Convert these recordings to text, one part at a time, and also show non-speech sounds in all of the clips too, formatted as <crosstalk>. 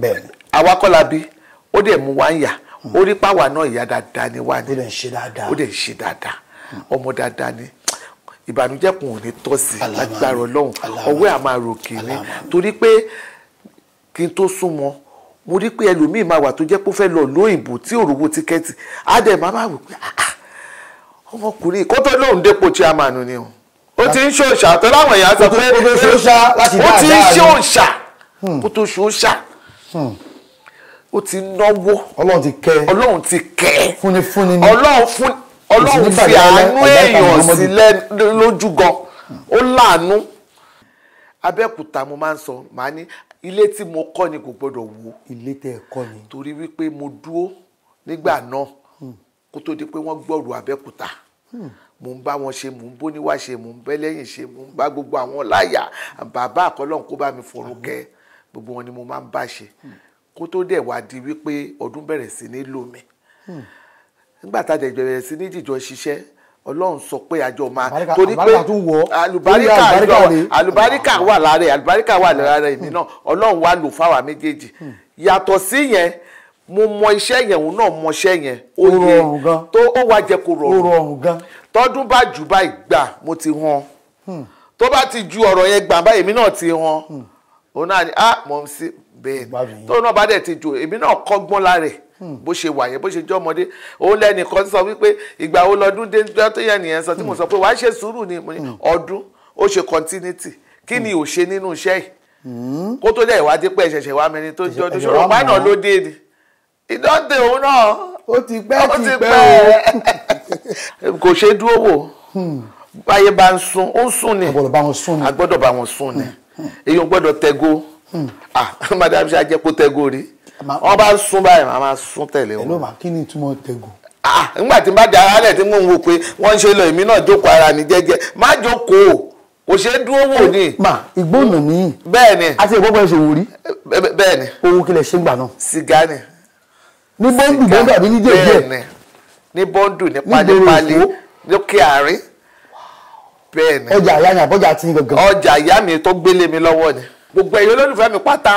bẹ́ẹ̀ni àwa kọ́ la bí ó dẹ̀ mú wa ń yà hmm. ó rí páwa náà ìyá dáadáa ni wá ní ó dẹ̀ ń ṣe dáadáa ó dẹ̀ ń ṣe dáadáa ọmọ dáadáa ni ìbànújẹ́ kùn ò ní tọ́ sí lágbára ọlọ́run ọwọ́ àmà ròkè ni torí pé kí n tó súnmọ́ mo rí pé ẹlòmíì máa wà tó jẹ́ pé ó fẹ́ lọ lóyìnbó tí òrùwò tíkẹ́ẹ̀tì á dẹ̀ máa wò pé ah, ah, ọmọkùnrin kó lóun dépò tí a máa nù ni o ó ti ń ṣe òòṣà tó láwọn èèyàn sọ pé ó ti ń ṣe òòṣà hmm. kó tó ṣe òòṣà. Hmm. ó ti náwó ọlọ́run ti kẹ́ ọlọ́run ti kẹ́ fúnni fúnni ni ọlọ́run fún ọlọ́run fi àánú èèyàn sílẹ̀ lójú gan ó láàánú abẹ́òkúta mo máa ń sọ màá ní ilé tí mo kọ́ ni kò gbọ́dọ̀ wó ilé tẹ́ ẹ kọ́ ni torí wípé mo dúró nígbà náà hmm. kó tó di pé wọ́n gbọ́rọ̀ abẹ́òkúta hmm. mò ń bá wọn ṣe mò ń bóníwá ṣe mò ń bẹ́lẹ́yìn ṣe mò ń bá gbogbo àwọn láyà bàbá àkọlọ́hún kó bá mi fọ̀rọ̀ gbogbo wọn ni mo máa ń bá ṣe kó tó dẹ̀ wá di wípé ọdún bẹ̀rẹ̀ sí ní lómi nígbà tá a dẹ̀ bẹ̀rẹ̀ sí ní jìjọ ṣiṣẹ́ ọlọ́run sọ pé àjọ máa torí pé àlùbáríkà àlùbáríkà wà lára àlùbáríkà wà lára èmi náà ọlọ́run wá lò fáwa méjèèjì yàtọ̀ sí yẹn mo mọ iṣẹ́ yẹn òun náà mọ iṣẹ́ yẹn ó yẹ tó ó wá jẹ kó rọrùn tọdún bá jù báyìí gbà mo ti hàn hmm. tó bá ti ju ọ̀rọ̀ yẹn gbà báyìí èmi náà ti hàn. Hmm òun náà ni ah mọ̀ sí bẹ́ẹ̀ tóun náà bá dẹ̀ ti jò èmi náà kọ́gbọ́n lára ẹ̀ hmm. bó ṣe wà yẹn bó ṣe jẹ́ ọmọdé òun lẹ́nìkan sọ wípé ìgbà wo lọ́dún dé tó yẹn nìyẹn sọ tí mo hmm. sọ pé wàá ṣe sùúrù ni hmm. ọdún ó ṣe continuity kí ni ò ṣe nínú iṣẹ́ yìí kó tó dẹ̀ ìwádìí pé ẹ̀ṣẹ̀ṣẹ̀ wa mẹni tó jọ ọdún ṣòro pa náà ló dé ni ìdọ́tẹ̀ òun náà ó ti pẹ́ ti pẹ́ o <laughs> kò ṣe dúró wò báyé bá ń sun ó ń sun ni àgbọ́dọ̀ bá wọn sun ni èyàn gbọ́dọ̀ tẹgó hmm. ah <laughs> madam ṣe ajẹpọ tẹgó rí bá sún báyìí màá máa sún tẹ̀lé wọn. ẹ ló máa kí ni ah nígbà tí n bá dara lẹ̀ tí mò ń ṣe lọ èmi náà jókòó ara jẹ́jẹ́ má jókòó kò ṣeé dúró wò ni. ma ìgbóhùn nìyí. bẹ́ẹ̀ni. àti ìgbọ́gbọ́ rí. kílẹ̀ ṣe ń gbà náà. ni. ní bọ́ńdù bọ́ńdù àbí ní ní bọ́ńdù ní pálípálí bẹ́ẹ̀ ni ọjà ìyá mi àbọ̀jà ti ń gangan. ọjà ìyá mi tó gbélé mi lọ́wọ́ ni gbogbo ẹ̀yin olólùfẹ́ mi pátá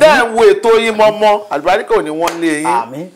tẹ́ ẹ̀ ń wo ètò yín mọ́mọ́ àlùbáríkà ò ní wọ́n lé yín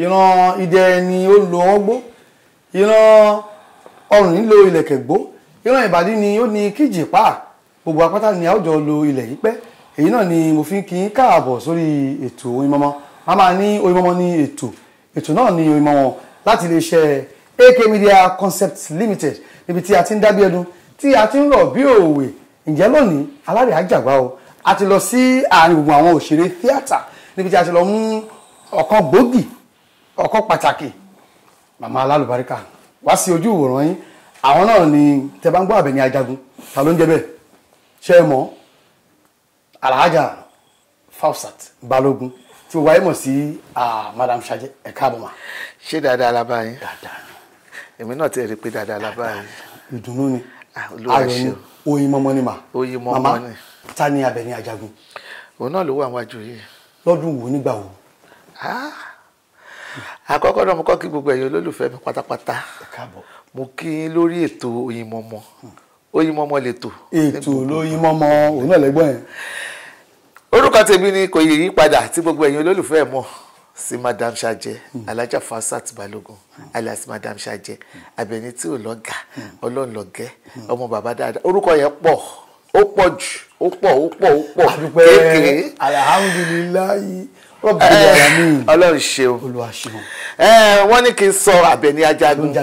ìran idẹ ni ó lo ọwọ́ gbó ìran ọrùn nílò ìlẹ̀kẹ̀ gbó ìran ìbàdí ni ó ní kíjì pa gbogbo apáta ni a ó jọ lo ilẹ̀ yìí pẹ́ èyí náà ni mo fi kí n káàbọ̀ sórí ètò oyin mọ́mọ́ a máa ní oyin mọ́mọ́ ní ètò ètò náà ni oyin mọ́mọ́ láti iléeṣẹ́ AK Media Concepts Limited níbi tí a ti ń dábí ẹdun tí a ti ń rọ̀ bí òwe ǹjẹ́ lónìí alárè àjàgbá o a ti lọ sí àárín gbogbo àwọn òṣèré tíátà níbi tí a ti lọ mú ọ̀kan gbòógì ọkọ pàtàkì màmá alálùbáríkà wá sí ojú ìwòran yín àwọn náà ni tẹ bá ń gbọ́ àbẹ̀ ní ajagun ta ló ń jẹ́ bẹ́ẹ̀ ṣe é mọ́ alhaja fausat balógun tí o wáyé mọ̀ sí madam sajẹ ẹ káàbọ̀ ma. ṣé dáadáa la bá yín èmi náà ti rí i pé dáadáa la bá ìdùnnú ni ah, ayọ̀ ni oyin mọ́mọ́ ni ma màmá ta ni abẹ ní ajagun. òun náà ló wà wájú yìí. lọ́dún wo nígbà wo. Ah, àkọ́kọ́ náà mo kọ́ kí gbogbo ẹ̀yin olólùfẹ́ mi pátápátá mo kí yín lórí ètò Oyinmomo hmm. Oyinmomo lètò. ètò l'Oyinmomo òun náà lẹ́gbọ́n yẹn. orúkọ tèmi ni kò yí padà tí gbogbo ẹ̀yin olólùfẹ́ mọ̀ sí madam ṣajẹ hmm. alájà fasat balógun hmm. alias madam ṣajẹ abẹni tí ò lọgà ọlọ́run lọgẹ ọmọ bàbá dáadáa orúkọ yẹn pọ̀ ó pọ̀ jù ó pọ̀ ó pọ̀ ó pọ̀ kékeré. alhamdulilayi Eh, ọlọ́run ṣeun eh, wọ́n ní kí n sọ Àbẹ̀ní Ajagun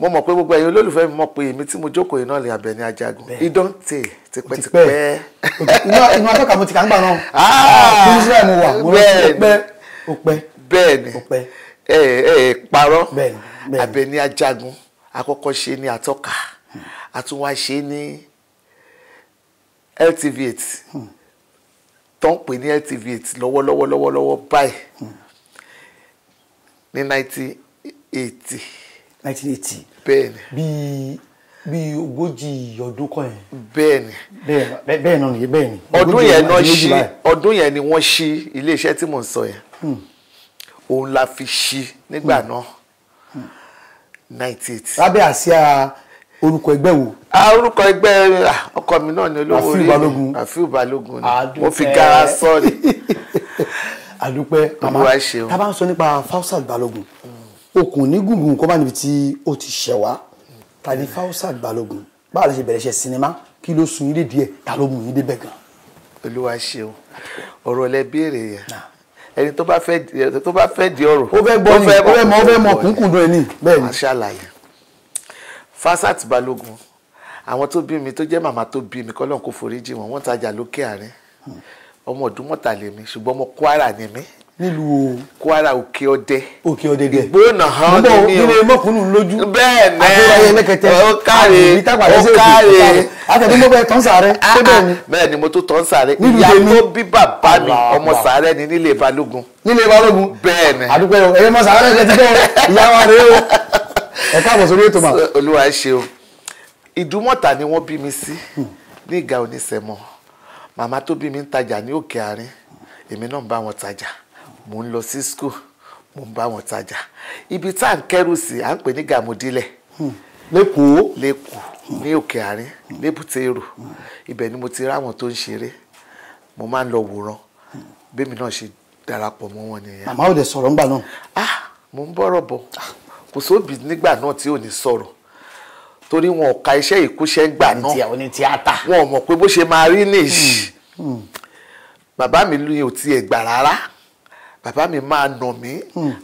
mo mọ̀ pé gbogbo ẹ̀yin olólùfẹ́ mi mọ̀ pé èmi tí mo jókòó yìí náà lè Àbẹ̀ní Ajagun ìdọ́ǹtè tipẹ́tipẹ́. inú atọ́ka mo ti kà ń gbà náà ah! fún Israel mo wà mo rẹ pẹ́ o pẹ́. bẹ́ẹ̀ni ẹ ẹ parọ́ Àbẹ̀ní Ajagun àkọ́kọ́ ṣe ní atọ́ka àtúnwá hmm. ṣe ní LTV8. Hmm tó ń pè ní LTV8 lọ́wọ́lọ́wọ́ lọ́wọ́lọ́wọ́ báyìí hmm. ní 1980. Nineteen eighty. ni. bíi bíi ogójì ọdún kọ yẹn. bẹ́ẹ̀ni. bẹ́ẹ̀ náà nìyẹn bẹ́ẹ̀ni. ọdún yẹn náà ṣí ọdún yẹn ni wọ́n ṣí iléeṣẹ́ tí mò ń sọ yẹn. Hmm. òun la fi ṣí nígbà hmm. náà. ninety eight. lábẹ́ àsíá orúkọ ẹgbẹ́ wo. orúkọ ẹgbẹ́ ọkọ mi náà ni olówó orí mi àfíù balógun ni mo fi gara sọ ni. <laughs> àdúpẹ́ màmá tá a bá ń sọ nípa Fausat balógun okùn ní gungun kó bá níbi tí ó ti ṣẹ̀ wá ta ni Fausat balógun báwo la ṣe bẹ̀rẹ̀ ṣe sinimá kí ló sun ilé díẹ̀ ta ló mú yín débẹ̀ gan. olúwa ṣeun ọ̀rọ̀ lẹ béèrè yẹn ẹni tó bá fẹ́ di ọ̀rọ̀ ó fẹ́ gbọ́ ni ó fẹ́ mọ kúnkún dún ẹ ní bẹ́ẹ̀ ni. Fasat Balógun àwọn tó bí mi tó jẹ́ màmá tó bí mi kọ́lọ́n kò foríjì wọn wọ́n tajà lókè àárín ọmọ ọdún mọ́tàlẹ́ mi ṣùgbọ́n ọmọ Kwara ni mí. nílùú Kwara òkè ọdẹ òkè ọdẹ dẹ ìgbóná hàn ní mi o nílé mọ́kùnrin lójú bẹ́ẹ̀ ní àtúwáyé lẹ́kẹtẹ ó káre ó káre àtẹ̀dé mo bẹ tán sàárẹ̀ tó ah, bẹ́ẹ̀ ni. Ah. bẹ́ẹ̀ ni mo tó tán sàárẹ̀ ìyá tó bí bàbá mi ọmọ sàárẹ̀ ni nílé Balógun. nílé Balógun bẹ́ẹ̀ ni àdúgbò ẹ̀yẹ mọ sàárẹ̀ kẹtẹ ìyá wa ẹ káàbọ̀ sórí ètò mà. olúwa ṣeun ìdúmọ̀tà ni wọ́n bí mi sí ní ìgà onísẹ̀mọ̀ màmá tó bí mi ń tajà ní òkè àárín èmi náà ń bá wọn tajà mò ń lọ sí school mo ń bá wọn tajà ibi tá à ń kẹrù sí à ń pè ní gàmùdílẹ̀ lẹ́kọ̀ọ́ hmm. lẹ́kọ̀ọ́ ní òkè àárín lébùté èrò ibẹ̀ ni mo ti ráwọn tó ń ṣeré mo máa ń lọ wòran bẹ́ẹ̀ mi náà ṣe darapọ̀ mọ́ wọn nìyẹn. màmá ò dẹ̀ sọ̀rọ̀ ńgbà náà. ah mo ń bọ̀rọ̀ bọ̀ ah kò sóbì nígbà náà tí ò ní sọ̀rọ̀ torí wọn ò ka iṣẹ́ ìkúṣẹ́ gbà náà wọn ò mọ̀ pé bó ṣe máa rí nìyí hmm, hmm. bàbá mi lu yẹn ò tiẹ̀ gbà rárá bàbá mi máa nà mí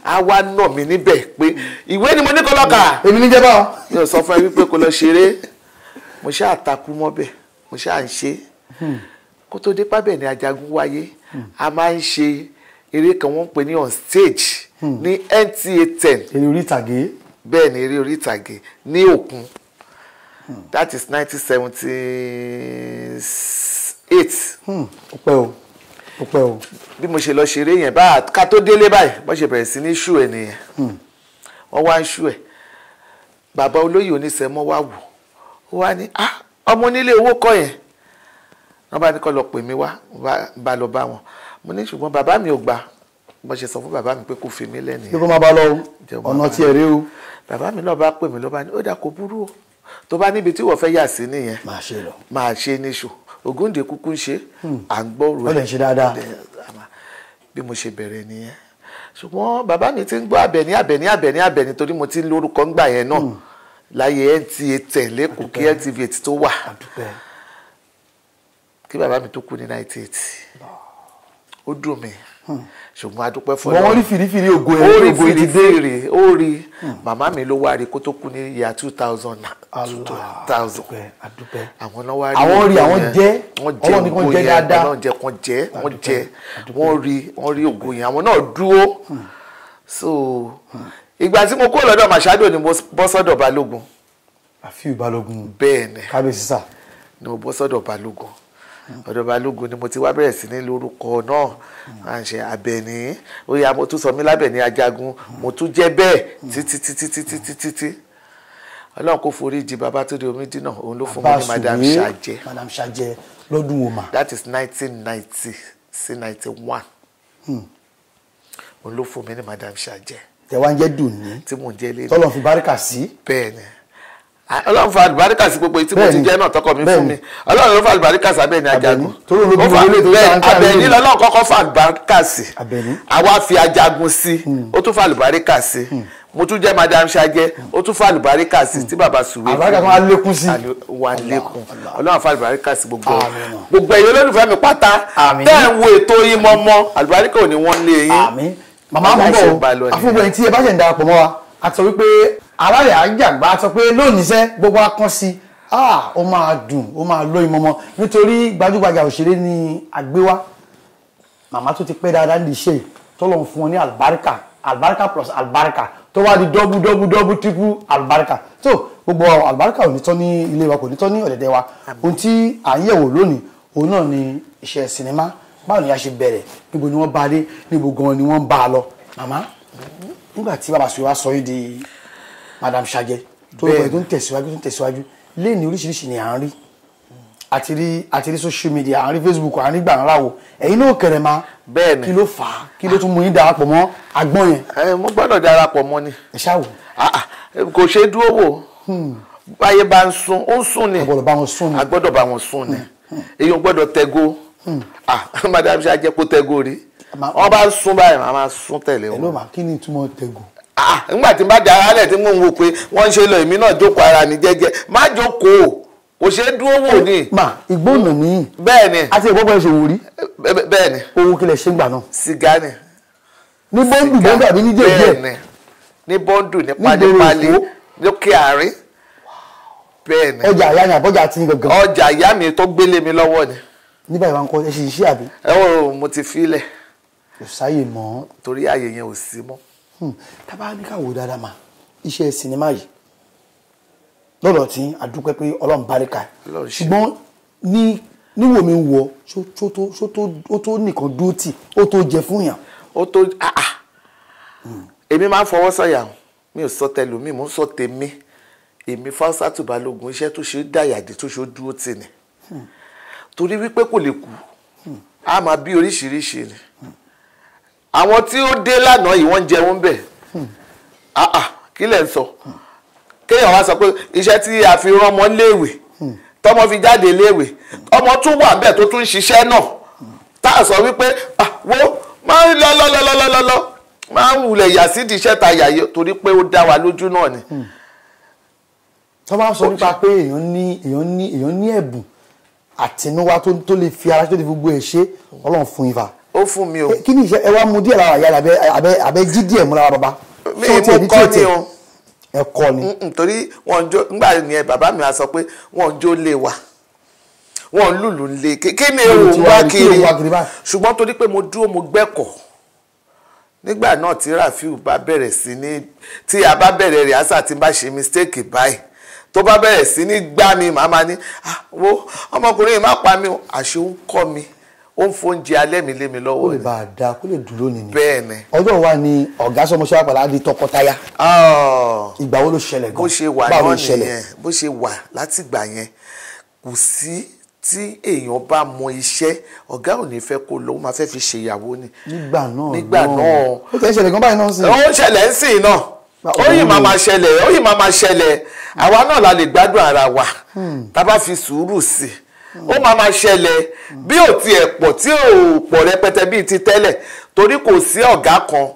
á hmm. wá nà mí níbẹ̀ pé ìwé ni mo ní kó lọ kà. èmi ní jẹ́bọ̀. mi ò sọ fún ẹ wípé kó lọ ṣeré mo ṣáà takú mọ́bẹ̀ mo ṣáà ń ṣe kó tó dé pábẹ̀ ní ajagun wáyé a máa ń ṣe eré kan wọ́n ń pè ní on stage ní NTA ten. eré orí ìtàgé. bẹ́ẹ̀ ni eré orí ìtàgé ní òkun hmm. that is nineteen seventy eight. Hmm. ó pẹ́ o ó pẹ́ o. bí mo ṣe lọ ṣeré yẹn bá ká tó délé báyìí wọ́n ṣe bẹ̀rẹ̀ sí ní ṣú ẹ̀ nìyẹn hmm. wọ́n wá ń ṣú ẹ̀ bàbá olóyè oníṣẹ́mọ́ wá wò ó wá ní ah, ọmọ onílé owó kọ́ yẹn wọ́n bá ní kó lọ pè mí wá bá lọ bá wọn mo ní ṣùgbọ́n bàbá mi ò gbà bó ṣe sọ fún bàbá mi pé kó fi mí lẹ́nìí. pé kó má bá lọ ọ̀nà tiẹ̀ rí o. bàbá mi náà bá pè mí ló bá ní ó dà kó burú o tó bá níbi tí wọ́n fẹ́ yà sí nìyẹn. máa ṣe lọ. máa ṣe níṣu Ògúndé kúkú ń ṣe hmm. à ń gbọ́ rẹ̀. ó lè ṣe dáadáa. bí mo ṣe bẹ̀rẹ̀ nìyẹn ṣùgbọ́n bàbá mi ti ń gbọ́ Àbẹ̀ní Àbẹ̀ní Àbẹ̀ní Àbẹ̀ní torí mo ti ń lórúkọ ńgbà yẹn náà hmm. láyé NTA tẹ̀lé kò kí NTV ètí tó wà kí bàbá mi tó kú ní 98 ó dùn mí. Hmm ṣùgbọ́n a dúpẹ́ fọlọ́ wọn rí fìrífìrí ògo ẹ̀ ó rí fìrífìrí ó rí màmá mi ló wá rí kó tó kú ní ìyá two thousand two thousand àwọn náà wá rí àwọn rí àwọn jẹ́ ọlọ́run ní kàn jẹ́ dáadáa ọlọ́run jẹ́ kàn jẹ́ wọ́n jẹ́ wọ́n rí wọ́n rí ògo yẹn àwọn náà dúró hmm. so ìgbà tí mo kó lọ́dọ̀ màṣáájú ni mo bọ́ sọ́dọ̀ balógun àfíù balógun bẹ́ẹ̀ ni kábíyèsí sà ni mo bọ́ sọ́dọ̀ balógun ọ̀dọ̀ balógun ni mo ti wá bẹ̀rẹ̀ sí ní lórúkọ náà à ń ṣe abẹ̀ní ó yá mo tún sọ mí lábẹ̀ní ajagun mo tún jẹ́ bẹ́ẹ̀ títí títí títí títí tí ọlọ́run kò forí jì bàbá tó di omi dínà òun ló fún mi ní madam ṣàjẹ madam ṣàjẹ lọ́dún wo mà. that is nineteen ninety sí ninety one hmm. òun ló fún mi ní madam ṣàjẹ. tẹ̀wá ń jẹ́ dùn ní. tí mò ń jẹ́ lé. tọ́lọ̀ fi báríkà sí. bẹ́ẹ̀ ọlọ́run fa àlùbáríkà sí gbogbo tí mo ti jẹ́ náà tọkọ mi fún mi ọlọ́run ló fa àlùbáríkà sí abẹ́ni ajagun ó fa abẹ́ni lọ́lọ́run kọ́kọ́ fa àlùbáríkà sí àwa fi ajagun sí hmm. ó tún fa àlùbáríkà sí hmm. mo tún jẹ́ madam ṣajẹ́ hmm. ó tún fa àlùbáríkà sí tí bàbá sùwé àlùbáríkà kan á lékún sí wà lékún ọlọ́run fa àlùbáríkà sí gbogbo gbogbo ẹ̀yin olólùfẹ́ mi pátá tẹ́ ń wo ètò yín mọ́mọ́ àlùbáríkà ò ní wọ́n lé yín màmá mọ́ bọ̀ àfúgbẹ̀yìn tí ẹ bá ṣẹ̀ ń darapọ̀ mọ́ wa àti sọ wípé alárẹ̀ àjàgbá sọ pé lónìí sẹ́ gbogbo akán sí ah, ó máa dùn ó máa lóyún mọ́mọ́ nítorí gbajúgbajà òṣèré ni àgbéwá màmá tó ti pẹ́ dáadáa ní iṣẹ́ tọ́lọ̀ ń fún wọn ní àlùbáríkà àlùbáríkà plus àlùbáríkà tó wá di dọ́bù dọ́bù dọ́bù triple àlùbáríkà tó gbogbo àlùbáríkà ò ní tán ní ilé wa kò ní tán ní ọ̀dẹ̀dẹ̀ wa ohun tí à ń yẹ̀wò lónìí òun náà ni iṣẹ́ sinimá báwo ni a ṣe bẹ̀rẹ̀ níbo ni wọ́n bá dé níbo gan ni wọ́n bá a lọ màmá nígbà tí bàbá sọ yìí di Madame sajẹ tó bẹ̀rẹ̀ tó ń tẹ̀síwájú tó ń tẹ̀síwájú léèní oríṣiríṣi ni à ń rí àti rí àti rí social media à ń rí facebook à ń rí gbàǹrà wo ẹ̀yin náà kẹrẹ̀ ma bẹ́ẹ̀ni kí ló fà á kí ló tún mú yín darapọ̀ mọ́ agbọ́n yẹn. ẹ mo gbọ́dọ̀ darapọ̀ mọ́ ni. ẹ ṣáà wò. kò ṣe é dúró wò hmm. báyé bá ń sun ó ń sun ni àgbọ́dọ̀ bá wọn sun ni àgbọ́dọ̀ bá wọn sun ni hmm, hmm. èyàn gbọ́dọ̀ tẹ́gó madam ṣáà jẹ́ kó tẹ́gó rí wọ́n bá ń sun báyìí màá máa sun tẹ̀lé wọn. ẹ ló máa kí ni ìtumọ̀ tẹ́gó Ah, nígbà tí n bá dára lẹ̀ tí mò ń wo pé wọ́n ń ṣe lọ èmi náà jókòó ara ní jẹ́jẹ́ má jókòó kò ṣeé dúró wò ni. mà ìgbóhùn nìyí. bẹ́ẹ̀ ni. àti ìgbọ́gbọ́ ẹ̀ ṣòwò rí. bẹ́ẹ̀ ni. ohun kìlẹ̀ ṣe ń gbà náà. sìgá ni. ní bọ́ńdù bọ́ńdù àbí ní jẹ́jẹ́. bẹ́ẹ̀ ni ní bọ́ńdù ní pálípálí lókè àárín. bẹ́ẹ̀ ni. ọjà ìyá mi àbọ̀jà àti gangan. ọjà ìyá mi tó gbélé mi lọ́wọ́ ni. nígbà ìwà nǹkan ẹ ṣe iṣẹ́ àbí. ẹ wò mo ti filẹ̀. kò sáyè mọ́. torí àyè yẹn ò sí mọ́ Hmm. tábà ní káwọ́ dáadáa mà iṣẹ́ sinimá yìí lọ́dọ̀ tí àdúpẹ́ pé ọlọ́run báríkà ṣùgbọ́n ní níwò mi wọ ó tó nìkan dúró tì ó tó jẹ fún yàn. ó tó ah, ah. èmi máa ń fọwọ́ sọ̀yà mi ò sọ tẹlòmíì mò ń sọ tèmi èmi Fáwọ́sátù Balógun iṣẹ́ tó ṣe dàyàdé tó ṣe dúró tì ní hmm. torí wípé kò lè kú hmm. a máa bí oríṣiríṣi ni àwọn tí ó dé lánàá yìí wọ́n ń jẹun bẹ̀ hmm. ah, ah, kí lẹ̀ ń sọ kéèyàn wá sọ pé iṣẹ́ tí a fi rán ọmọ léèwé hmm. tọmọ fi jáde léèwé ọmọ tún wà bẹ́ẹ̀ tó tún ń ṣiṣẹ́ náà tá a sọ wípé ah, wo máa ń lọ lọ lọ lọ lọ lọ máa ń wulẹ̀ yà sí ìdíṣẹ́ ta yàyẹ torí pé ó dá wa lójú náà ni. Hmm. tó bá sọ nípa pé èèyàn ní èèyàn ní èèyàn ní ẹ̀bùn àtinúwá tó lè fi ara tó lè fi gbogbo ẹ̀ ṣe ọlọ́run fún ifá ó fún mi o. kí ni iṣẹ́ ẹ wá mu díẹ̀ lára àyà rẹ̀ àbẹ àbẹ jí díẹ̀ mú lára bàbá. mi mo kọ́ ni o. ẹ kọ́ ni. torí wọn jó ngbà yẹn bàbá mi á sọ pé wọn jó lè wà wọn lùlù lè kí ni ewu wá kiri ṣùgbọ́n torí pé mo dúró mo gbẹ́kọ̀ọ́ nígbà náà tí Rafiu bá bẹ̀rẹ̀ sí ní tí a bá bẹ̀rẹ̀ rẹ̀ àṣà tí n bá ṣe mistake báyìí tó bá bẹ̀rẹ̀ sí ní gbá mi màá ma ah, wo ọmọkùnrin yìí má pa mi o ń kọ́ mi ó ń fóúnjẹ alẹ́ mi lé mi lọ́wọ́ rẹ̀. ó lè bá a da kó lè dúró nìyí. bẹ́ẹ̀ ni. ọjọ́ wa ni ọ̀gá sọmọṣẹ́ àpàlà di tọkọtaya. Ah. ìgbà wo ló ṣẹlẹ̀ gan. bó ṣe wà náà nìyẹn bó ṣe wà látìgbà yẹn kò sí tí èèyàn bá mọ iṣẹ́ ọ̀gá ò ní fẹ́ kó lọ ó máa fẹ́ fi ṣèyàwó ni. nígbà náà nígbà náà. ó tẹ̀ ṣẹlẹ̀ gan báyìí náà sí. ó ṣẹlẹ̀ ń sìn náà oyin máa ma ṣẹlẹ̀ oyin máa ma ṣẹlẹ̀ àwa náà la lè gbádùn ara wa hmm. tá a bá fi sùúrù sí i ó máa máa ṣẹlẹ̀ bí ò tiẹ̀ pọ̀ tí ò pọ̀ rẹpẹtẹ bíi ti tẹ́lẹ̀ torí kò sí ọ̀gá kan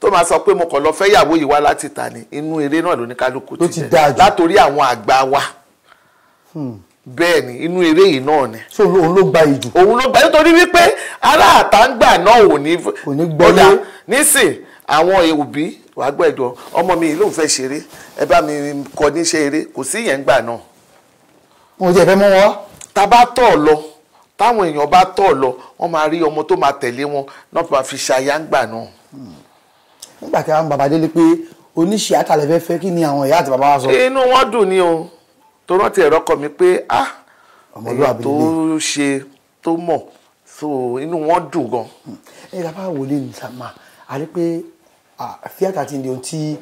tó máa sọ pé mo kàn lọ fẹ́ yìí wá láti ta ni inú eré náà ló ní kálukú ti jẹ látòrí àwọn àgbà wa hmm. bẹ́ẹ̀ ni inú eré yìí náà ni. so òun ló gba ìjù. òun ló gba nítorí wípé ará àtàǹgbà náà ò ní. kò ní gbọ́lé. nísìn àwọn òbí wàá gbọ́ ẹ̀dùn ọmọ mi ló ń fẹ́ ṣeré ẹ bá mi kọ níṣẹ́ eré kò sí yẹn gbà náà. mo jẹ́ fẹ́ mú wọn tá a bá tọ̀ ọ́ lọ táwọn èèyàn bá tọ̀ ọ́ lọ wọ́n máa rí ọmọ tó máa tẹ̀lé wọn náà tó máa fi ṣayáǹgbà náà. nígbà tí àwọn bàbá délé pé oníṣẹ́ àtàlẹ́ fẹ́ fẹ́ kí ni àwọn ìyá àti bàbá wa sọ. inú wọn dùn ni o tó rántí ẹ̀rọ kọ mi pé ah èèyàn tó ṣe tó mọ̀ so inú wọn dùn gan. Hmm. ẹ bàbá wòlé nìta máa a rí pé tíátà ti di ohun tí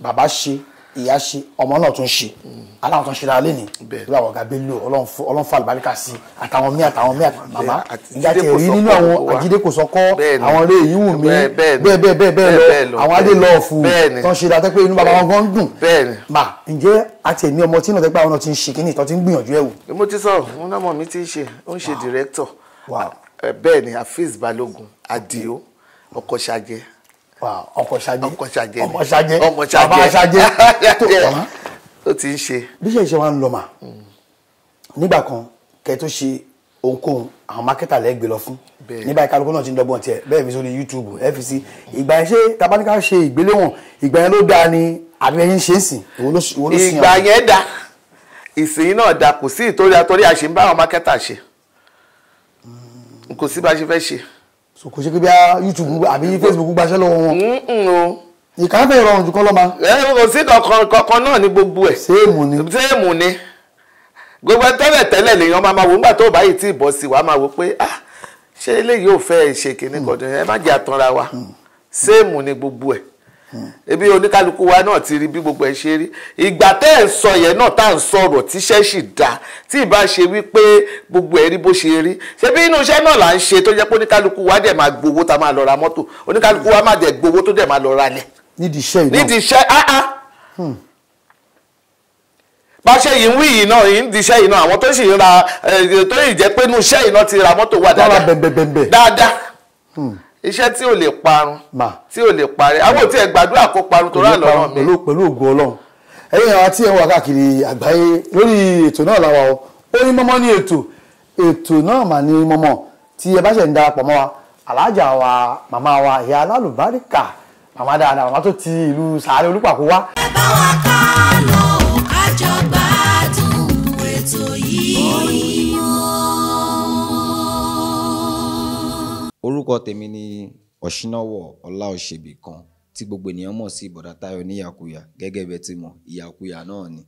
bàbá ṣe ìyá ṣe ọmọ náà tún ṣe mm. aláwọ̀ tún ṣe ra lẹ́nu ìlú àwọn ọ̀gá bẹ́ẹ̀ lò ọlọ́run fà àlùbáríkà sí àtàwọn míì àtàwọn míì màmá ìyá tẹ̀ rí nínú àwọn àjídékòsọ́kọ́ àwọn eré yìí wù mí bẹ́ẹ̀ bẹ́ẹ̀ bẹ́ẹ̀ bẹ́ẹ̀ lọ àwọn adé lọ́ọ̀ fún tán ṣe dáadáa pé inú bàbá wọn gan dùn mà ǹjẹ́ àti èmi ọmọ tí náà tẹ́gbà wọn ti ni ìtọ́ ti ń gbìyànjú ẹ̀ wò. mo ti sọ òun náà ti ń ṣe ó director bẹ́ẹ̀ ni Hafiz Balógun Adio ọkọ ṣàjẹ ọkọ̀ ṣajẹ́ ọkọ̀ ṣajẹ́ ọkọ̀ ṣajẹ́ ọkọ̀ ṣajẹ́ bàbá ṣajẹ́ <laughs> tó ọ̀hán. Uh-huh. ó ti ń ṣe. bí ṣe ṣe wá ń lọ mà hmm. nígbà kan kẹ tó ṣe ohunkóhun àwọn mákẹ́tà lẹ́ gbé lọ fún nígbà ìkálukú náà ti ń dọ́gbọ́n tiẹ̀ bẹ́ẹ̀ fi sórí YouTube ẹ fi sí ìgbà yẹn ṣé tabaníkà ṣe ìgbéléwọ̀n ìgbà yẹn ló dáa ni àbí ẹyin ṣe ń sìn ìwọ ló sìn ìgbà yẹn dáa ìsìn náà dáa kò sí ìtorí àtọ́rí àṣẹ ń bá àwọn mákẹ́tà ṣe hmm. kò sí bá ṣe fẹ́ ṣe so kò ṣe pé bí youtube àbí facebook gbaṣẹ́ lọ́wọ́ wọn. ìkàfẹ́ ìrọ̀rùn jù kọ́ lọ́ma. ẹ kò sí kankan náà ní gbogbo ẹ̀. séèmù ni. séèmù ni gbogbo tẹ́lẹ̀ tẹ́lẹ̀ lèèyàn máa ma wò nígbà tó báyìí tí ìbọ̀ sí wa máa wò pé ah ṣé eléyìí ò fẹ́ ṣe kinní kan ẹ má jẹ́ àtànra wa mm. séèmù ni gbogbo ẹ̀ ebi oníkálukú wa náà ti rí bí gbogbo ẹ ṣe rí ìgbà tẹ́ ẹ̀ sọ yẹn náà tá à ń sọ̀rọ̀ tíṣẹ́ sì dá tí ìbá ṣe wípé gbogbo ẹ rí bó ṣe rí ṣé bí inú iṣẹ́ náà là ń ṣe tó jẹ́ pé oníkálukú wa dẹ̀ máa gbowó tá a máa lọ ra mọ́tò oníkálukú wa máa dẹ̀ gbowó tó dẹ̀ máa lọ ra lẹ̀. nídìí iṣẹ́ ìnáwó nídìí iṣẹ́ áá ah, ah. hmm. bá ṣe yìí ń wí yìí náà yìí ń di iṣẹ́ yìí náà àwọn tó sì ra eh, ra iṣẹ́ tí o lè parun tí o lè parẹ́ àwọn òtí ẹ̀ gbàdúrà kó parun tó rà lọ́rùn mi. pẹ̀lú ògùn ọlọ́run ẹ̀yin àwọn tí ẹ̀ ń wà káàkiri àgbáyé lórí ètò náà làwà o ó ní mọ́mọ́ ní ètò ètò náà mà ní mọ́mọ́ tí ẹ bá ṣẹ̀ ń darapọ̀ mọ́ wa alájà wa màmá wa ìyá alálùbáríkà màmá dáadáa màmá tó ti ìlú sàárẹ̀ olúpàkó wá. ẹ bá wa kọ́ orúkọ tèmi ni ọ̀ṣínáwọ̀ ọláòṣèbí kan tí gbogbo ènìyàn mọ̀ sí bọ̀dá táyọ̀ níyàkuyà gẹ́gẹ́ bẹ́ẹ̀ ti mọ̀ ìyàkuyà náà ni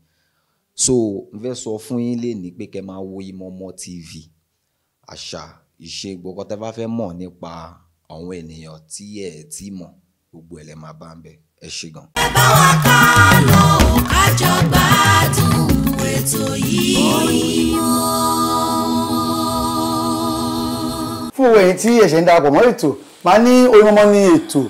so n fẹ́ sọ fún yín lénìí pé kẹ́ máa wo Imọ̀ọ́mọ̀ TV àṣà ìṣe gbogbo tẹ́ bá fẹ́ mọ̀ nípa àwọn ènìyàn tí ẹ̀ ti mọ̀ gbogbo ẹ̀ lẹ́ máa bá ń bẹ ẹ ṣe gan. ẹ wa ká lọ ká jọ gbádùn ètò yìí. Oyinmọ́ fún owó ẹ̀yìn tí ẹ̀ṣẹ̀ ń darapọ̀ mọ́ ètò máa ní Orímọmọ ní ètò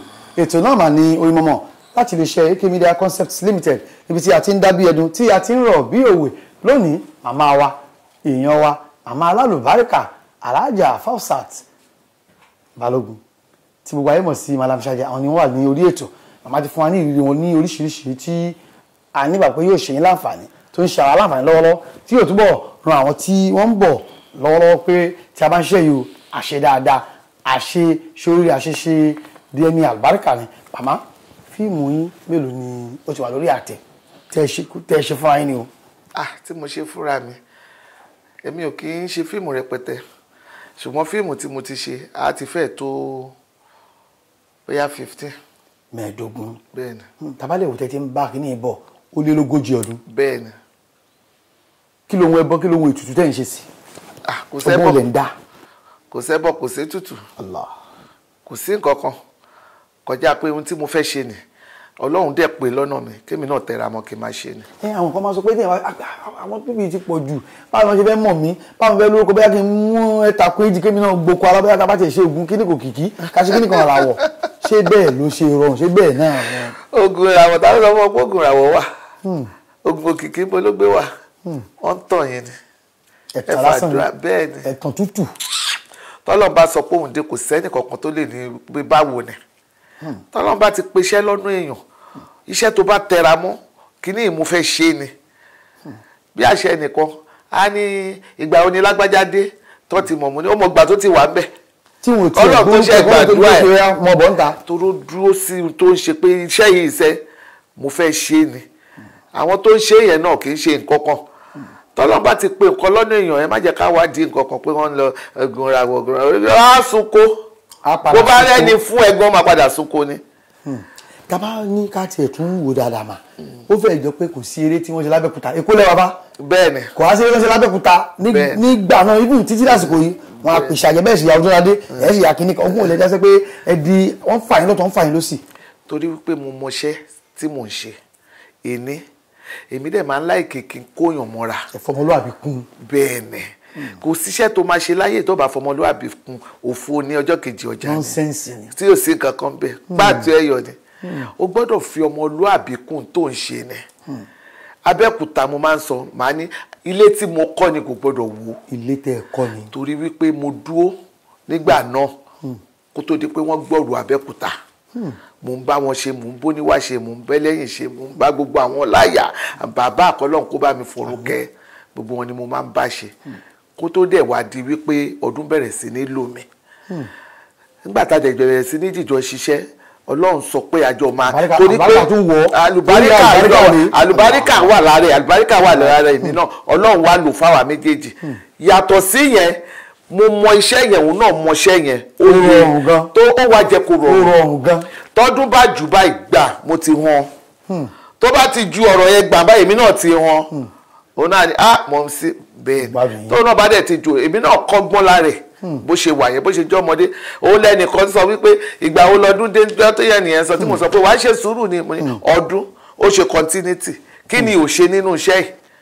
ètò náà máa ní Orímọmọ láti lè ṣe AK Media Concepts Limited níbi tí a ti ń dá bí ẹdun tí a ti ń rọ̀ bí òwe lónìí màmá wa èèyàn wa màmá alálùbáríkà aláàjà Fausat Balógun tí gbogbo ayé mọ̀ sí Madam Ṣàjà àwọn ni wọ́n wà ní orí ètò màmá ti fún wa ní ìrírí wọn ní oríṣiríṣi tí a nígbà pé yóò ṣe yín láǹfààní tó ń ṣe àwọn lọ́wọ́lọ́wọ́ tí yóò túbọ̀ ran àwọn tí wọ́n ń bọ̀ lọ́wọ́lọ́wọ́ pé tí a bá ń ṣe yìí o àṣe dáadáa àṣe sórí àṣeṣe díẹ̀ ní àlùbáríkà ni màmá fíìmù yín mélòó ni ó ti wà lórí àtẹ tẹ ẹ ṣe fúnra yín ni o. ah tí mo ṣe fúnra mi èmi ò kì í ṣe fíìmù rẹpẹtẹ ṣùgbọ́n fíìmù tí mo ti ṣe a ti fẹ́ tó bóyá fifteen. mẹ́ẹ̀ẹ́dógún bẹ́ẹ̀ni. Hmm, tabalẹ̀ òtẹ́ ti ń bá kínní bọ̀ ó lé lógójì ọdún. bẹ́ẹ̀ni. kí ló ń wọ ẹbọ kí ló ń wọ ètùtù tẹ́ ń ṣe sí. ah kò sẹ́bọ̀ ń dá kò sẹ́bọ̀ kò sí tútù kò sí nǹkan kan kọjá pé ohun tí mo fẹ́ ṣe ni ọlọ́run dẹ̀ pé lọ́nà mi kémi náà tẹra mọ́ kí n máa ṣe ni. ẹ àwọn kan máa sọ pé àwọn bíbí ti pọ̀ jù báwo ni wọ́n ṣe fẹ́ mọ̀ mí báwo ni wọ́n fẹ́ lórúkọ bóyá kí n mú ẹ̀ta kó èjì kémi náà gboko ara bóyá tábà tẹ̀ ṣe ògùn kíní kò kìkì káṣí kíní kan àràwọ̀ ṣé bẹ́ẹ̀ ló ṣe rọrùn ṣé bẹ́ẹ̀ náà. oògùn ìràwọ̀ táwọn sọ fún ọ pé oògùn ìràwọ̀ wà oògùn hmm. òkìkí pológbé wà hmm. wọ́n ń tàn yẹn ni ẹ̀fà àdúrà bẹ́ẹ̀ ni tọ́lọ́n bá sọ pé òun dé kò sẹ́ni kankan tó lè ní pé báwo ni hmm. tọ́lọ́n bá ti peṣẹ́ lọ́nà èèyàn iṣẹ́ tó bá tẹra mọ́ kíní ìmúfẹ́ ṣe ni hmm. bí àṣẹ nìkan á ní ìgbà òní lágbájá dé tó ti mọ̀ mú ni ó mọ̀ gbà tó ti wà ń bẹ̀ tí wọn ti gbọ́ tó ṣe gbàdúrà ẹ̀ mọ bọ́ ń ta. toró dúró sí tó ń ṣe pé iṣẹ́ yìí iṣẹ́ mo fẹ́ ṣe ni hmm. àwọn tó ń ṣe yẹn náà kì í ṣe nǹkan kan tọ́lọ́n bá ti pe nǹkan lọ́nà èèyàn ẹ má jẹ́ ká wádìí nǹkan kan pé wọ́n ń lọ gunra gunra á ah, sunko bó bá rẹ́ni fún ẹ̀gbọ́n máa padà sunko ni. Hmm. tàbá ní ká tiẹ̀ tún wò dáadáa mà ó fẹ́ jọ pé kò sí eré tí wọ́n ṣe lábẹ́kúta èkó lẹ́wà bá bẹ́ẹ̀ni kò á sí eré tí wọ́n ṣe lábẹ́kúta nígbà náà ibùn títí lásìkò yìí wọn àpèsè àjẹbẹ́ ẹ̀sìn ìyá ọdúnládé ẹ̀sìn ìyá kìnnìkan èmi dẹ̀ máa ń láìkè kí n kóyàn mọ́ra. ẹ̀fọ́mọlúwàbí kún. bẹ́ẹ̀ ni hmm. kò síṣẹ́ tó máa ṣe láyè tó bá fọmọlúwàbí kún òfo ní ọjọ́ kejì ọjà ni nọ́nsẹ́ǹsì ni tí ò sí nǹkan kan bẹ́ẹ̀ hmm. pàtó ẹ̀yọ̀ ni hmm. o gbọ́dọ̀ fi ọmọlúwàbí kún tó ń ṣe ni abẹ́kúta mo máa ń sọ màá ní ilé tí mo kọ́ ni kò gbọ́dọ̀ wó. ilé tẹ́ ẹ kọ́ ni. torí wípé mo dúró nígbà náà kó tó di pé wọ́n gbọ́rù abẹ́kúta mò ń bá wọn ṣe mò ń bóníwá ṣe mò ń bẹ́lẹ́yìn ṣe mò ń bá gbogbo àwọn láyà bàbá àkọlọ́hún kó bá mi fọ̀rọ̀ kẹ́ gbogbo wọn ni mo máa ń bá ṣe hmm. kó tó dẹ̀ wá di wípé ọdún bẹ̀rẹ̀ sí ní lò mí hmm. nígbà tá a dẹ̀ bẹ̀rẹ̀ sí ní jìjọ ṣiṣẹ́ ọlọ́run sọ pé àjọ máa torí pé àlùbáríkà àlùbáríkà wà lára àlùbáríkà wà lára èmi hmm. náà ọlọ́run wá lò fáwa méjèèjì yàtọ̀ sí mo mọ iṣẹ́ yẹn òun náà mọ iṣẹ́ yẹn ó rọrùn gan tó ó wá jẹ kó rọrùn gan tọdún bá jù báyìí gbà mo ti hàn hmm. tó bá ti ju ọ̀rọ̀ yẹn gbà báyìí èmi náà ti hàn hmm. òun náà ni ah mọ̀ n sí bẹ́ẹ̀ tó náà bá dẹ̀ ti ju èmi náà kọ́gbọ́n lára ẹ̀ hmm. bó ṣe wà yẹn bó ṣe jẹ́ ọmọdé òun lẹ́nìkan sọ wípé ìgbà wo lọ́dún dé tó yẹ nìyẹn sọ tí mo sọ pé wàá ṣe sùúrù ni ọdún ó ṣe continuity kí ni ò ṣe nínú iṣẹ́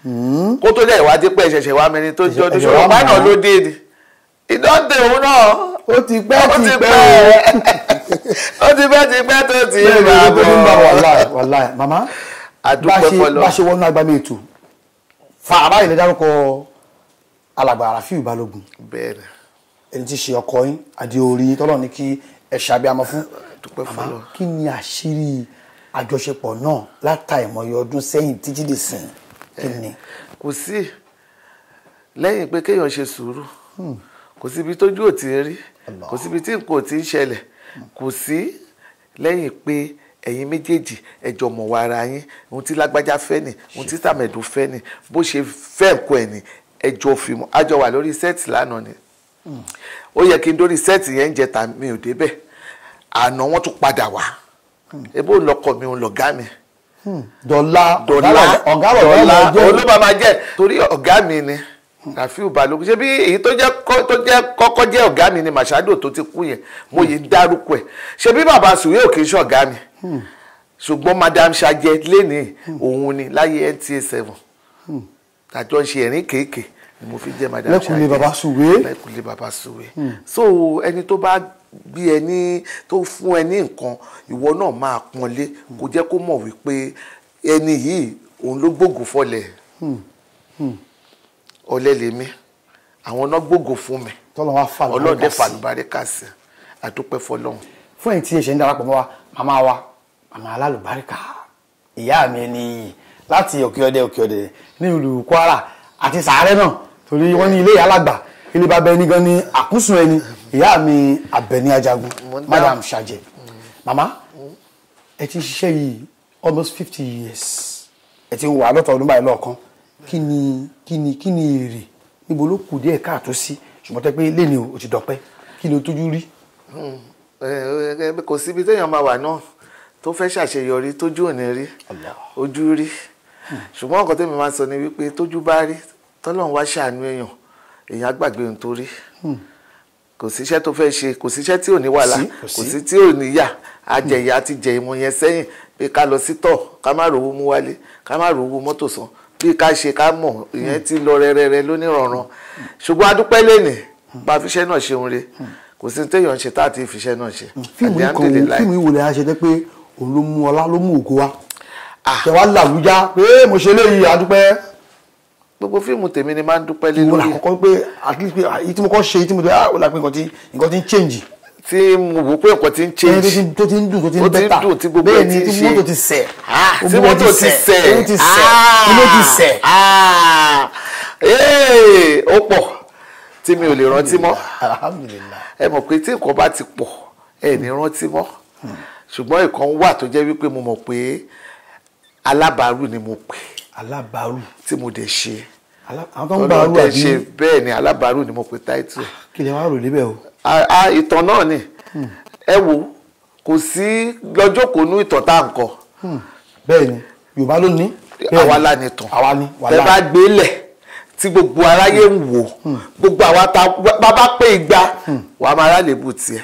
yìí kó tó dẹ̀ ìwádìí pé ẹ̀ṣẹ̀ṣẹ̀ wá mẹ́rin tó jọ́dún ṣòro ọ̀pá náà ló dé ni ìdọ́ǹtẹ̀ òun náà ó ti pẹ́ ti pẹ́ ó ti pẹ́ ti pẹ́ tó ti yé bàbá bọ́ wàláì wàláì màmá bá ṣe wọnú agbami ètò fa àbáyé lè dárúkọ alàgbà Rafiu Balógun ẹni tí ṣe ọkọ yín Adéorí tọ́lọ́ ní kí ẹ ṣàbíamọ fún màmá kí ni àṣírí àjọṣepọ̀ náà látà ìmọ̀ye ọdún sẹ́yìn títí dì sìn kí ni. kò sí lẹ́yìn pé kéèyàn ṣe sùúrù. Hmm kò síbi tójú ò ti rí kò síbi tí nǹkan ò ti ń ṣẹlẹ̀ kò sí lẹ́yìn pé ẹ̀yin méjèèjì ẹjọ́ mọ̀ wá ara yín ohun tí lágbájá fẹ́ ni ohun tí tàmẹ̀dù fẹ́ ni bó ṣe fẹ́ nǹkan ẹ̀ ni ẹjọ́ fìmọ̀ àjọ wà lórí sẹ́ẹ̀tì lánàá ni hmm. ó yẹ kí n dórí sẹ́ẹ̀tì yẹn ń jẹta mi ò débẹ̀ àná wọ́n tún padà wá hmm. ebó ń lọkọ mi ń lọ̀gá mi. Hmm. dọ̀la ọ̀gá rẹ̀ lẹ́nu ọjọ́ dọ̀la olóbàmà jẹ́ torí ọ̀gá mi ni. Hmm. Rafiu Balogun ṣé bí èyí tó jẹ́ kọ́kọ́ jẹ́ ọ̀gá mi ni Machado tó ti kú yẹn mo yìí dárúkọ ẹ̀ ṣé bí bàbá sùwé òkè iṣẹ́ ọ̀gá mi hmm. ṣùgbọ́n madam ṣajẹ lénìí hmm. òun ni láyé NTA seven hmm. àjọ ṣe ẹ̀rín kéèké ni mo fi jẹ́ madam ṣajẹ lẹ́kùnlé bàbá sùwé lẹ́kùnlé bàbá sùwé so ẹni tó bá bí ẹni tó fún ẹ ní nǹkan ìwọ náà máa pọ́nlé kó jẹ́ kó mọ̀ wípé ẹni yìí òun ló gbógun fọlẹ̀ ọlẹ́ lèmi àwọn náà gbógo fún mi ọlọ́dẹ fàlùbáríkà sí àdúpẹ́ fọlọ́hún. fún ẹ̀yìn tí ẹ̀ṣẹ̀ ń darapọ̀ mọ́ wa màmá wa màmá alálùbáríkà ìyá mi ẹni yìí láti òkè ọdẹ òkè ọdẹ ní ìlú Kwara àti sàárẹ̀ náà torí wọ́n ní ilé ìyá alàgbà ilé bàbá ẹni gan ni àkúsùn ẹni ìyá mi Àbẹ̀ní Ajagun madam ṣàjẹ màmá ẹ ti ṣiṣẹ́ yìí almost fifty years ẹ ti wà lọ́tọ̀ ọdún báyìí lọ́ọ̀kan Kini, kini, kí ni kí ni èrè níbo ló kù díẹ̀ káàtó sí ṣùgbọ́n tẹ́ pé lẹ́ni o ti dọ̀pẹ́ kí ni o tójú rí. Hmm. Eh, eh, kò síbi téèyàn máa wà náà tó fẹ́ ṣàṣeyọrí tójú òní rí ojú rí ṣùgbọ́n nǹkan tẹ́mi máa sọ ni wípé tójú bá rí tọ́lọ́run wá ṣàánú èèyàn èèyàn gbàgbé ohun tó rí hmm. kò síṣẹ́ tó fẹ́ ṣe kò síṣẹ́ tí ò ní wàhálà kò sí tí ò ní yà ajẹ̀yà ti jẹ ìmọ̀ yẹn sẹ́yìn pé ká lọ sí tọ̀ ká má rówó mú wálé ká má rówó mọ́tò san bí ká ṣe ká mọ̀ ìyẹn ti lọ rẹrẹrẹ lónìrànràn ṣùgbọ́n adúpẹ́ lẹ́nìí bá fiṣẹ́ náà ṣeun re kò sí téèyàn ṣe tá àti ìfiṣẹ́ náà ṣe. fíìmù kan fíìmù ìwòlẹ̀ a ṣe jẹ́ pé òun ló mú ọlá ló mú ògo wá ah. ṣẹ̀wá làwùjá pé mo ṣe léyìí adúpẹ́. gbogbo fíìmù tèmi ni máa ń dúpẹ́ lé lórí. mo là pé àti pé ah, èyí tí mo kọ́ ṣe èyí tí mo dẹ́ àwọn ah, làpẹ́ nǹkan tí nǹkan tí ń change tí mo wò pé nǹkan ti ń change tó ti ń dùn tó ti ń bẹ́tà bẹ́ẹ̀ ni tí mọ́tò ti sẹ̀ ah, tí mọ́tò ti sẹ̀ owó ti sẹ̀ ah. ilé ti sẹ̀. Ah. Eh, ó pọ̀ tí mi ò lè rántí mọ́ ẹ mọ̀ pé tí nǹkan bá ti pọ̀ ẹ ní rántí mọ́ hmm. ṣùgbọ́n ìkan wà tó jẹ́ wípé mo mọ̀ pé alábàárù ni mo pè alábàárù tí mo dẹ̀ ṣe àwọn àbí bẹ́ẹ̀ ni alábàárù ni mo pè táìtù. kí lè wá rò níbẹ̀ o ìtàn náà ni ẹ wo kò sí lọ́jọ́kòónú ìtàn tá à ń kọ. Hmm. bẹ́ẹ̀ ni yorùbá ló ní. àwa la ni tàn àwa ni wàhálà tẹ bá gbé lẹ̀ tí gbogbo aráyé ń wò hmm. gbogbo àwa ta bàbá pé igba hmm. wà á máa rà lébù tiẹ̀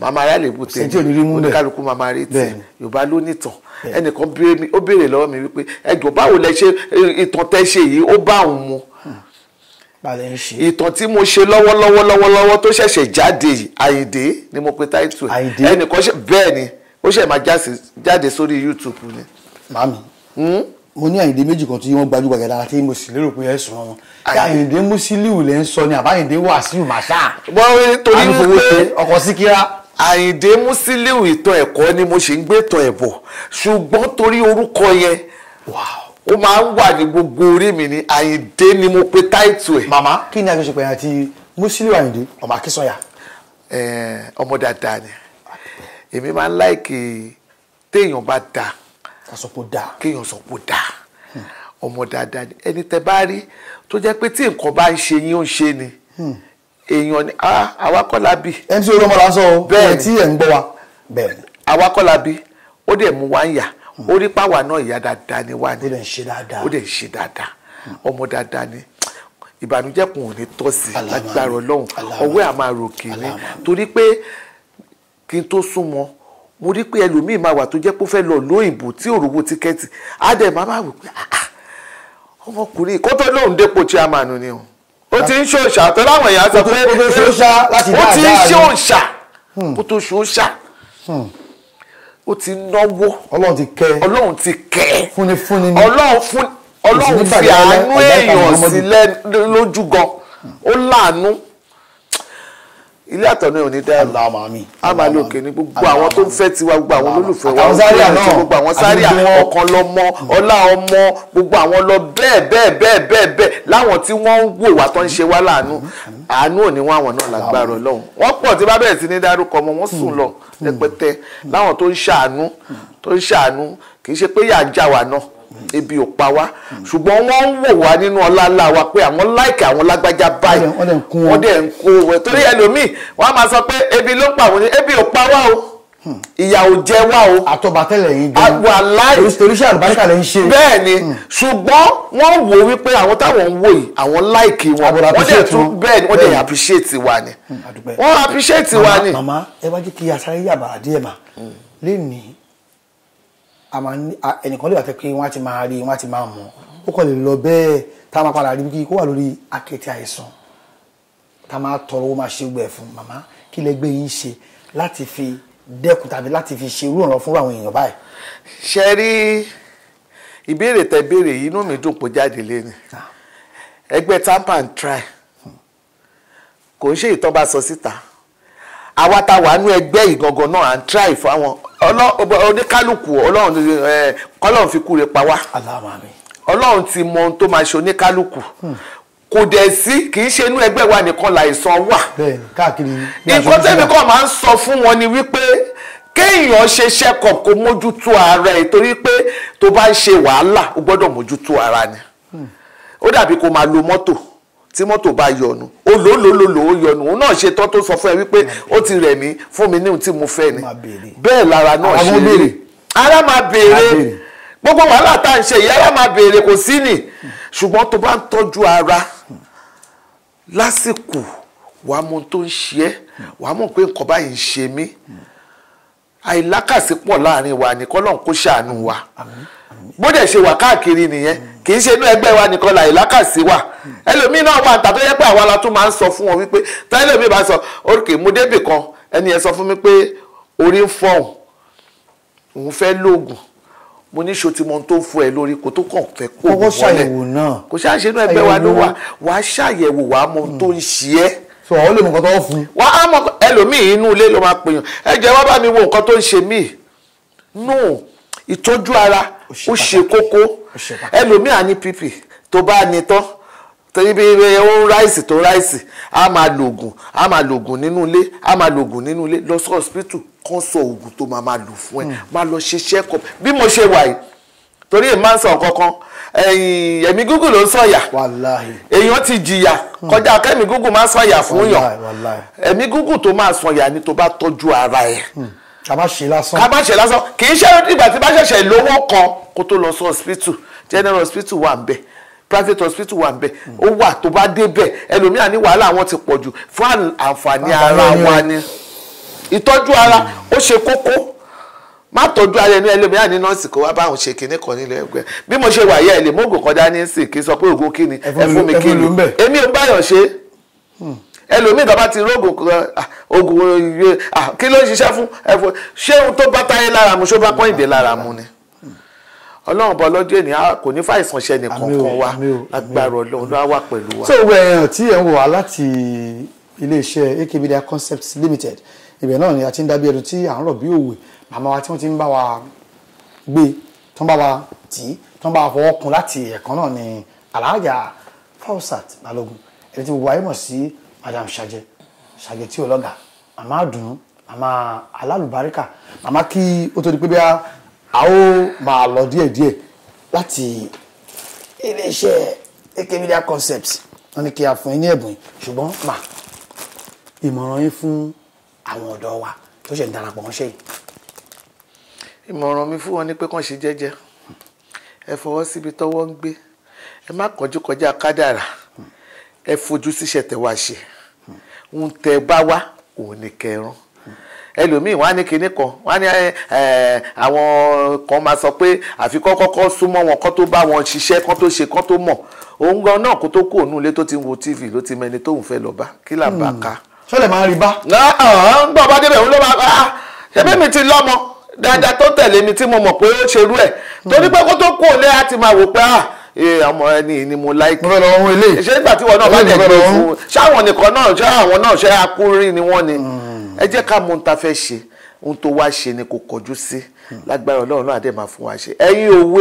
màá máa rà lébù tiẹ̀ oníkálukú máa máa rí tiẹ̀ yorùbá ló ní tàn ẹnìkan ó béèrè lọ́wọ́ mi wípé ẹjọ́ báwo lẹ ṣe ìtàn tẹ ṣe yìí ó bá òun mu ìtàn tí mo ṣe lọ́wọ́lọ́wọ́ lọ́wọ́lọ́wọ́ tó ṣẹ̀ṣẹ̀ jáde àyìndé ni mo pe táìtù ẹnìkan ṣe bẹ́ẹ̀ ni ó ṣẹ̀ máa jáde sórí youtube ni. màmí hmm? mo ní àyìndé méjì kan tí wọ́n gbajúgbajà dára tí mo sì lérò pé ẹ sùn wọn kí àyìndé mùsílíù lẹ́ ń sọ ni àbáyìndé wàásù màṣá. wọ́n rí torí wípé ọkọ̀ síkírá àyìndé mùsílíù ìtàn ẹ̀kọ́ ni mo ṣe ń gbé ìtàn ẹ̀bọ̀ ṣùgbọ́n torí orúkọ yẹn. wow ó máa ń wà ní gbogbo orí mi ni àyíndé ni mo pe táìtù ẹ̀. màmá kí ni àjọṣepọ̀ yẹn àti Musiliu àyíndé ọmọ akínsọ̀yà. ọmọ dáadáa ni èmi máa ń láìkì téèyàn bá da kéèyàn sọ pé da hmm. ọmọ dáadáa ni ẹni tẹ bá rí tó jẹ́ pé tí nǹkan bá ń ṣe yín ó ń ṣe ni hmm. èèyàn ni ah, àwa bí. ẹni tí olómọ sọ o bẹ́ẹ̀ tí ẹ̀ ń gbọ́ wa bẹ́ẹ̀ ni. àwa bí ó dẹ̀ mú wa ń yà ó rí páwà náà ìyá dáadáa ni wà ní ó dẹ̀ ń ṣe dáadáa ó dẹ̀ ṣe dáadáa ọmọ dáadáa ni ìbànújẹ́ kùn ò ní sí lágbára ọlọ́run ọwọ́ àmà ròkè ni torí pé kí n tó súnmọ́ mo rí pé ẹlòmíì máa wà tó jẹ́ pé ó fẹ́ lọ lóyìnbó tí òrùwò tíkẹ́ẹ̀tì á dẹ̀ máa máa wò pé ah, ah, ọmọkùnrin kó tó lóun dépò tí a máa nù ni o ó ti ń ṣe òòṣà tó láwọn èèyàn sọ pé ó ti ń ṣe òòṣà hmm. kó tó ṣe òòṣà. Hmm ó ti náwó ọlọ́run ti kẹ́ ọlọ́run ti kẹ́ fúnni fúnni ni ọlọ́run fún ọlọ́run fi àánú èèyàn sí lójú gan ó láàánú ilé àtọ̀nà ò ní dá a máa lo òkè ní gbogbo àwọn tó ń fẹ́ tiwa gbogbo àwọn olólùfẹ́ wa gbogbo àwọn sáríà ọkàn lọmọ ọlá ọmọ gbogbo àwọn lọ bẹ́ẹ̀ bẹ́ẹ̀ bẹ́ẹ̀ bẹ́ẹ̀ bẹ́ẹ̀ láwọn tí wọ́n ń wò wá tó ń ṣe wá láàánú àánú ò ní wọ́n àwọn náà lágbára ọlọ́run wọ́n pọ̀ tí bá bẹ̀rẹ̀ sí ní dárúkọ ọmọ wọn sùn hmm. lọ hmm. rẹpẹtẹ láwọn tó ń ṣàánú tó ń ṣàánú kì í ṣe pé yà ń jà wá náà ebi ò pa wá ṣùgbọ́n wọ́n ń wò wá nínú ọlá ńlá wa pé àwọn láìkì àwọn lágbájá báyìí wọ́n dẹ̀ ń kó wẹ̀ torí ẹlòmíì wọ́n á máa sọ pé ebi ló ń pa àwọn ebi ò pa wá o hmm. ìyà ò jẹ wá o àtọ̀bàtẹ́lẹ̀ yìí gan àgbà láì oríṣiríṣi àlùbáríkà lè ń ṣe bẹ́ẹ̀ ni hmm. ṣùgbọ́n wọ́n wò wípé àwọn táwọn ń wò yìí àwọn láìkì wọn wọ́n dẹ̀ tún bẹ́ẹ̀ ni wọ́n dẹ̀ appreciate wa ni hmm, wọ́n appreciate wa ni. màmá ẹ wá jẹ́ kí asáré yàbá àdéhùn lè ní ẹnìkan lè wà tẹ́ pé wọ́n á ti máa rí wọ́n á ti máa mọ̀ ó kàn lè lọ bẹ́ẹ̀ tá a máa padà rí bí kó wà lórí akéte àìsàn tá a máa tọrọ ó máa ṣe gbẹ fún màmá kí lẹ gbé yín ṣe láti fi dẹ́kun tàbí láti fi ṣe irú ìrànlọ́ fún àwọn èèyàn báyìí. ṣe rí ìbéèrè tẹ béèrè inú mi dùn pé jáde lẹ́nu ah. ẹgbẹ́ tampa and try kò ń ṣe ìtọ́ba sọ síta àwa ta wà nú ẹgbẹ́ ìgangan náà à try fún oníkálukú ọlọ́run kọ́lọ́run fi kú rẹ̀ pa wá ọlọ́run ti mọ ohun tó máa ṣe oníkálukú hmm. kò dẹ̀ sí kì í ṣe inú ẹgbẹ́ wa nìkan làìsàn wà nǹkan tẹ́mi kan máa ń sọ fún wọn ni wípé kéèyàn ṣe ṣẹ́kọ̀ kó mójútó ara ẹ̀ torí pé tó bá ń ṣe wàhálà ó gbọ́dọ̀ mójútó ara ni hmm. ó dàbí kó máa lo mọ́tò tí mọ́tò bá yọnu ó lò lò lò lò ó yọnu òun náà ṣe tán tó sọ fún ẹ wípé ó ti rẹ̀ mí fún mi níhun tí mo fẹ́ ni bẹ́ẹ̀ lára náà ṣe rí ara máa béèrè gbogbo wàhálà tá à ń ṣe yìí ara máa béèrè kò sí nì ṣùgbọ́n tó bá ń tọ́jú ara lásìkò wàá mọ tó ń ṣe ẹ́ wàá mọ̀ pé nǹkan báyìí ń ṣe mí àìlákàsí pọ̀ láàrin wa nìkan lọ́n kó ṣàánú wa. Amen bó dẹ̀ ṣe wà káàkiri nìyẹn kì í ṣe inú ẹgbẹ́ wa nìkan là ìlákàsí wà ẹlòmíín náà wà níta tó yẹ pé àwa la tún máa ń sọ fún wọn wípé tẹ́lẹ̀mí bá sọ òkè mo débì kan ẹni yẹn sọ fún mi pé orí ń fọ́ òun òun fẹ́ lóògùn mo ní ṣo tí mo tó fún ẹ lórí kò tó kàn fẹ́ kó wọlé ọwọ́ ṣàyẹ̀wò náà kò ṣáà ṣe inú ẹgbẹ́ wa ló wà wà á ṣàyẹ̀wò wà á mọ ohun tó ń ṣe ẹ́ sọ ọ lè mọ nǹkan tó fún wà á mọ ẹlòmíín inú ilé ló máa pèèyàn ẹ jẹ́ wá bá mi wo nǹkan tó ń ṣe míì nù. No ìtọ́jú ara ó ṣe kókó ẹlòmíà ní pp tó bá ní tán torí bí ó ń ráìsì tó ráìsì á máa lògùn á máa lògùn nínú ilé á máa lògùn nínú ilé lọ sí hospital kan sọ oògùn tó máa máa lò fún ẹ hmm. máa lọ ṣe check-up bí mo ṣe wà yìí torí èmi máa ń sọ kankan ẹ̀mí gúgù ló ń sọ̀yà èèyàn ti jìyà hmm. kọjá kẹ́mi gúgù máa ń sọ̀yà fún yàn ẹ̀mí gúgù tó máa sọ̀yà ni tó bá tọ́jú ara ẹ̀. Hmm kàbá ṣe lásán. kàbá ṣe lásán kì í ṣe ìgbà tí bá ṣẹ̀ṣẹ̀ lówó kan kó tó lọ sí hospital general hospital wà ń bẹ̀ private hospital wà ń bẹ̀ ó wà tó bá débẹ̀ ẹlòmíà ní wàhálà àwọn ti pọ̀ jù fún àǹfààní ara wa ni ìtọ́jú ara ó ṣe kókó má tọ́jú ara ẹni ẹlòmíà ní nọ́ọ̀sì kó wá báwọn ṣe kinní kan nílé ẹgbẹ́ bí mo ṣe wà yẹ ẹ lè mú oògùn kan dání sí kí n sọ pé oògùn kí ni ẹ fún mi kí ni èmi ò báyọ̀ ṣe. Hmm ẹlòmíì tó bá ti rógò ogun kí ló ń ṣiṣẹ́ fún ẹ̀fọ́ ṣé ohun tó bá táyé lára mu ṣó bá pọ́ìndé lára mu ni ọlọ́run bọ lọ́jọ́ ènìyàn kò ní fàìsàn ṣe nìkan kan wa lágbára ọlọ́run ló wà pẹ̀lú wa. so ẹ̀yàn tí ẹ̀ ń wò wá láti iléeṣẹ́ AK Media Concepts Limited ibẹ̀ náà ni a ti ń dábí ẹnu tí à ń rọ̀ bí òwe màmá wa tí wọ́n ti ń bá wa gbé tó ń bá wa tì í tó ń bá wa fọwọ́ kun láti ẹ̀kan náà ni Alhaja Fausat Balogun ẹni tí gbogbo ayé mọ̀ sí madam ṣàjẹ ṣàjẹ tí ò lọ́gà màmá àdùnnú màmá alálùbáríkà màmá kí ó tó di pé bí a ó máa lọ díẹ̀díẹ̀ láti iléeṣẹ́ AK Media Concepts wọ́n ní kí a fún yín ní ẹ̀bùn yìí ṣùgbọ́n mà ìmọ̀ràn yín fún àwọn ọ̀dọ́ wa tó ṣe ń darapọ̀ mọ́ṣẹ́ yìí. ìmọ̀ràn mi fún wọn ni pé kàn ṣe jẹ́jẹ́ ẹ fọwọ́ síbi tọ́wọ́ ń gbé ẹ má kọjú kọjá kádàrà ẹ fojú síṣẹ́ tẹ wá ṣe ń tẹ bá wá òun ni kẹrán ẹlòmíì wọn á ní kinní kan wọn á ní àwọn kan máa sọ pé àfi kọ́ kọ́kọ́ súnmọ́ wọn kọ́ tó bá wọn ṣiṣẹ́ kọ́ tó ṣe kọ́ tó mọ̀ òun gan náà kó tó kó òun nílé tó ti wo tv ló ti mẹni tóun fẹ́ lọ bá kí là bá ka. sọlẹ̀ hmm. máa rí bá. gbọ́ bá débẹ̀ òun ló máa bá ṣẹ́bí mi ti lọ́mọ dáadáa tó tẹ̀lé mi tí mo mọ̀ pé ó ṣerú ẹ̀ torí pé kó tó kó òun lé á máa wò pé ah ee ọmọ ẹni ni mo láìkì. mo fẹ́ lọ wọn ilé. ṣé nígbà tí wọn náà bá dẹ̀ gbé fún ṣé àwọn nìkan náà ṣé àwọn náà ṣe akúrin ni wọ́n ni. Hmm. ẹ jẹ́ ká mọ̀ ohun tá a fẹ́ ṣe ohun tó wá ṣe ni kò kọjú sí hmm. lágbára ọlọ́run náà dẹ̀ máa fún wa ṣe ẹ̀yin òwe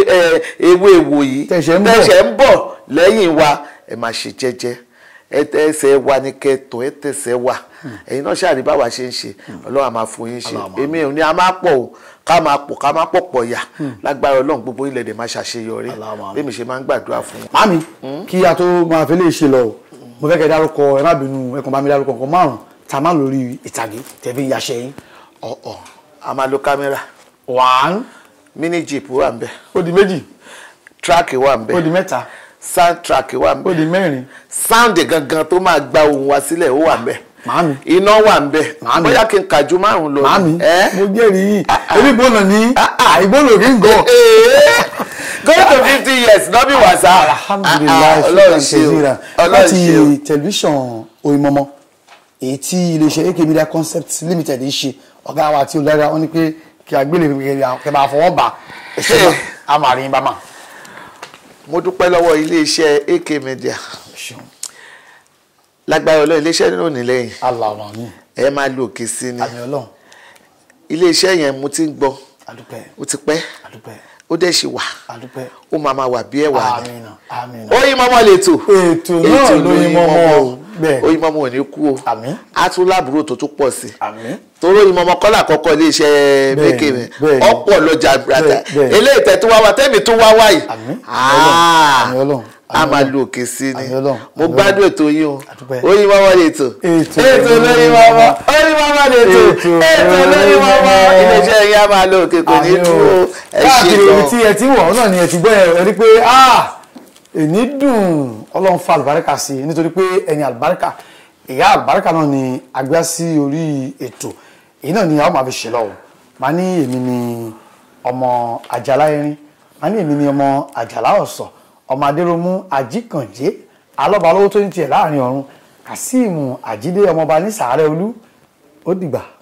ewé èwò yìí tẹ̀sẹ̀ ń bọ̀ lẹ́yìn wa ẹ máa ṣe jẹ́jẹ́ ẹtẹsẹ wa ni kẹtọ ẹtẹsẹ wa hmm. ẹ̀yin náà ṣàdìbáwa ṣe ń ṣe ọlọ́run a máa fún yín ṣe èmi ò ní a máa pọ̀ ká máa pọ̀ ká máa pọ̀ pọ̀ yà hmm. lágbára ọlọ́run gbogbo ilẹ̀ dẹ̀ máa ṣàṣeyọrí bí mi ṣe máa ń gbàdúrà fún un. mami hmm? kí a tó máa fi léè ṣe lọ mo fẹ́ kẹ́ dárúkọ ẹ má bínú ẹkùn bá mi dárúkọ nǹkan márùn-ún tá a máa lórí ìtàgé tẹ̀fí yaṣẹ́ yín. ọ̀ọ̀ a máa lo kámẹ́rà. one. mini jeep wà ń bẹ. ó di méjì. track wà ń bẹ. ó di mẹ́ta. sound track wà ń bẹ. ó di mẹ́rin. sound gangan tó máa gba ohùn wa sílẹ̀ ó wà ń bẹ màámi iná wà ń bẹ màámi bóyá kí n kà ju márùn lọ màámi mo jẹ́rìí ebi gbọ́nà ní ìgbọ́nà kí n gọ̀. <laughs> Eh, going to fifty years lọ́bí wàsá alhamdulilayi ṣùgbọ́n ṣèlérà láti tẹlifíṣàn Oyinmomo èyí tí iléeṣẹ́ AK Media Concepts Limited ń ṣe ọ̀gá wa àti olùdarí wọn ni pé kí agbélé kẹba àfọwọ́ bá ẹ̀ṣẹ̀ náà a máa rí yín bá mà. mo dúpẹ́ lọ́wọ́ iléeṣẹ́ AK Media lágbára ọlọ́run iléeṣẹ́ náà ní lẹ́yìn ẹ máa lo òkè sí ni iléeṣẹ́ yẹn mo ti ń gbọ́ ó ti pẹ́ ó dẹ̀ ṣì wà ó máa máa wà bí ẹ̀ wà ni Oyinmomo lètò ètò náà l'Oyinmomo o Oyinmomo ò ní kú o á tún láàbúrò tó tún pọ̀ sí torí Oyinmomo kọ́là kọ́kọ́ iléeṣẹ́ mékè mi ọ̀pọ̀ lọ́jà brata eléyìí tẹ̀ tó wá wá tẹ́mi tó wá wá yìí. Ah a máa lu òkè sí ni mo gbádùn ètò yín o oyin máa wá lè tò ètò lóyin máa wá oyin máa wá lè tò ètò lóyin máa wá iléeṣẹ́ yín a máa lo òkè kò ní dúró ẹ ṣe lọ. káàkiri ibi tí ẹ ti wọ̀ ọ́ náà ni ẹ ti gbọ́ ẹ rí pé ah, èyí dùn ọlọ́run fa àlùbáríkà sí i nítorí pé ẹ̀yin àlùbáríkà ìyá àlùbáríkà náà ni agbá sí orí ètò èyí náà ni a máa fi ṣe lọ o ní èmi ni ọmọ àjàlá erin màá ní èmi ni ọmọ àjàlá ọ̀sán ọmọ adéròmú ajíkànjé alọ́balówó tó ń tiẹ̀ láàrin ọ̀run kàsíìmù àjídé ọmọọba ní sàárẹ̀ olú ó dìgbà.